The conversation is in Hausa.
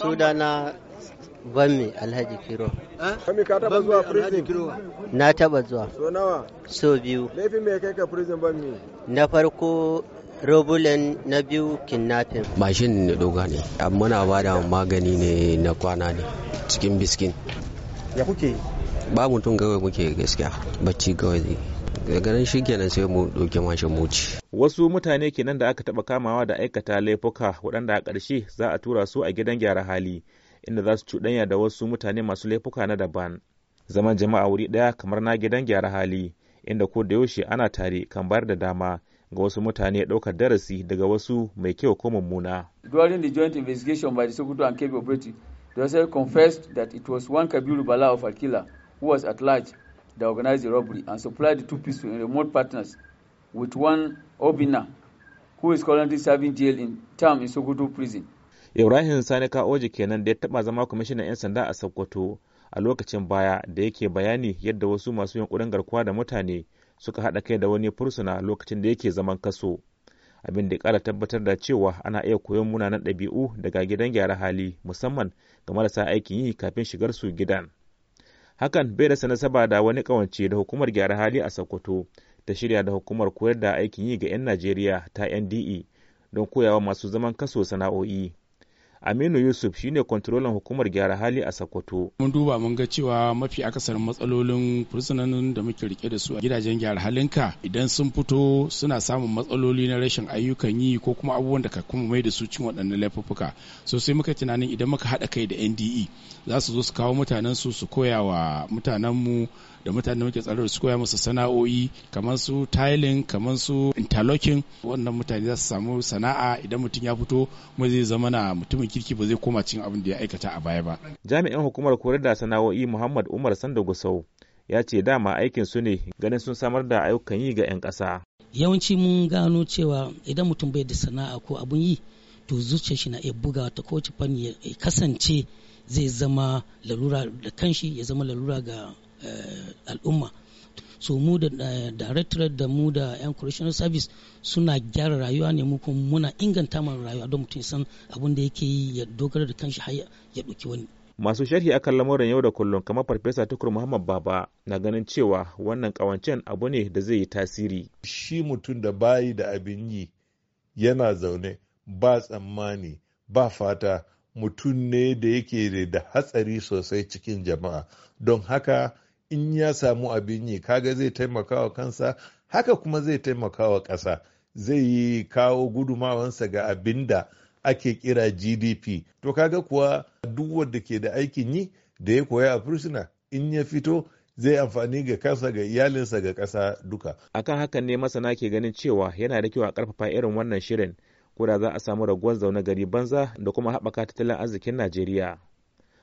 Sudana bami Alhaji Kiro. Eh? ka taba zuwa prison? Na taba zuwa. So nawa? So biyu. Laifin me kai ka prison Na farko robulen na biyu kidnapping. Mashin ne doga ne, muna ba da magani ne na kwana ne cikin biskin. Ya kuke? Ba mutum gawai muke gaskiya, bacci gawai ganin shi shikenan sai mu ɗauki mashin mu Wasu mutane kenan da aka taɓa kamawa da aikata laifuka waɗanda a ƙarshe za a tura su a gidan gyara hali inda za su cuɗanya da wasu mutane masu laifuka na daban. Zaman jama'a wuri ɗaya kamar na gidan gyara hali inda ko da yaushe ana tare kan bayar da dama ga wasu mutane ɗaukar darasi daga wasu mai kyau ko mummuna. During the joint investigation by the Sokoto and Kebbi Operative, the confessed that it was one Kabiru Bala of Akila who was at large that organized the robbery and supplied the two people in remote partners with one Obina who is currently serving jail in term in Sokoto prison. Ibrahim Sani Kaoji kenan da ya taba zama kwamishinan 'yan sanda a Sokoto a lokacin baya da yake bayani yadda wasu masu yankunan garkuwa da mutane suka haɗa kai da wani fursuna lokacin da yake zaman kaso. Abin da ya kara tabbatar da cewa ana iya koyon munanan ɗabi'u daga gidan gyara hali musamman ga marasa aikin yi kafin shigar su gidan. hakan bai da nasaba da wani kawance da hukumar gyara hali a sokoto ta shirya da hukumar koyar da aikin yi ga 'yan najeriya ta nde don koyawa masu zaman kaso sana'o'i Aminu Yusuf shine kwantrolan hukumar gyara hali a Sokoto. Mun duba mun ga cewa mafi akasarin matsalolin fursunan da muke rike da su a gidajen gyara halinka idan sun fito suna samun matsaloli na rashin ayyukan yi ko kuma abubuwan da ka kuma mai da su cin waɗannan laifuffuka. So sai muka tunanin idan muka haɗa kai da NDE za su zo su kawo mutanen su su koya wa mutanen mu da mutanen muke tsaro su koya musu sana'o'i kamar su tiling kamar su interlocking wannan mutane za su samu sana'a idan mutum ya fito kuma zai zama na mutumin kirki ba zai koma cin abin da ya aikata a baya ba jami'an hukumar koyar da sana'o'i muhammad umar sanda gusau ya ce dama aikin su ne ganin sun samar da ayyukan yi ga 'yan ƙasa yawanci mun gano cewa idan mutum bai da sana'a ko abun yi to zuciyar shi na iya buga ta kowace fanni ya kasance zai zama lalura da kanshi ya zama lalura ga eh, al'umma so mu da eh, directorate da mu da yan correctional service suna gyara rayuwa ne mu kuma muna inganta mana rayuwa don mutum san abin da yake yi ya dogara da kanshi har ya ɗauki wani masu sharhi akan lamarin yau da kullum kamar farfesa tukur muhammad baba na ganin cewa wannan kawancen abu ne da zai yi tasiri shi mutum da bayi da abin yi yana zaune ba tsammani ba fata mutum ne da yake da hatsari sosai cikin jama'a don haka in ya samu abin yi kaga zai taimaka wa kansa haka kuma zai taimaka wa ƙasa zai yi kawo gudumawansa ga abin da ake kira gdp to kaga kuwa duk wanda ke da aikin yi da ya koya a fursuna in ya fito zai amfani ga kansa ga iyalinsa ga ƙasa duka akan hakan ne masana ke ganin cewa yana da kyau a karfafa irin wannan shirin ko za a samu raguwar zaune gari banza da kuma haɓaka tattalin arzikin najeriya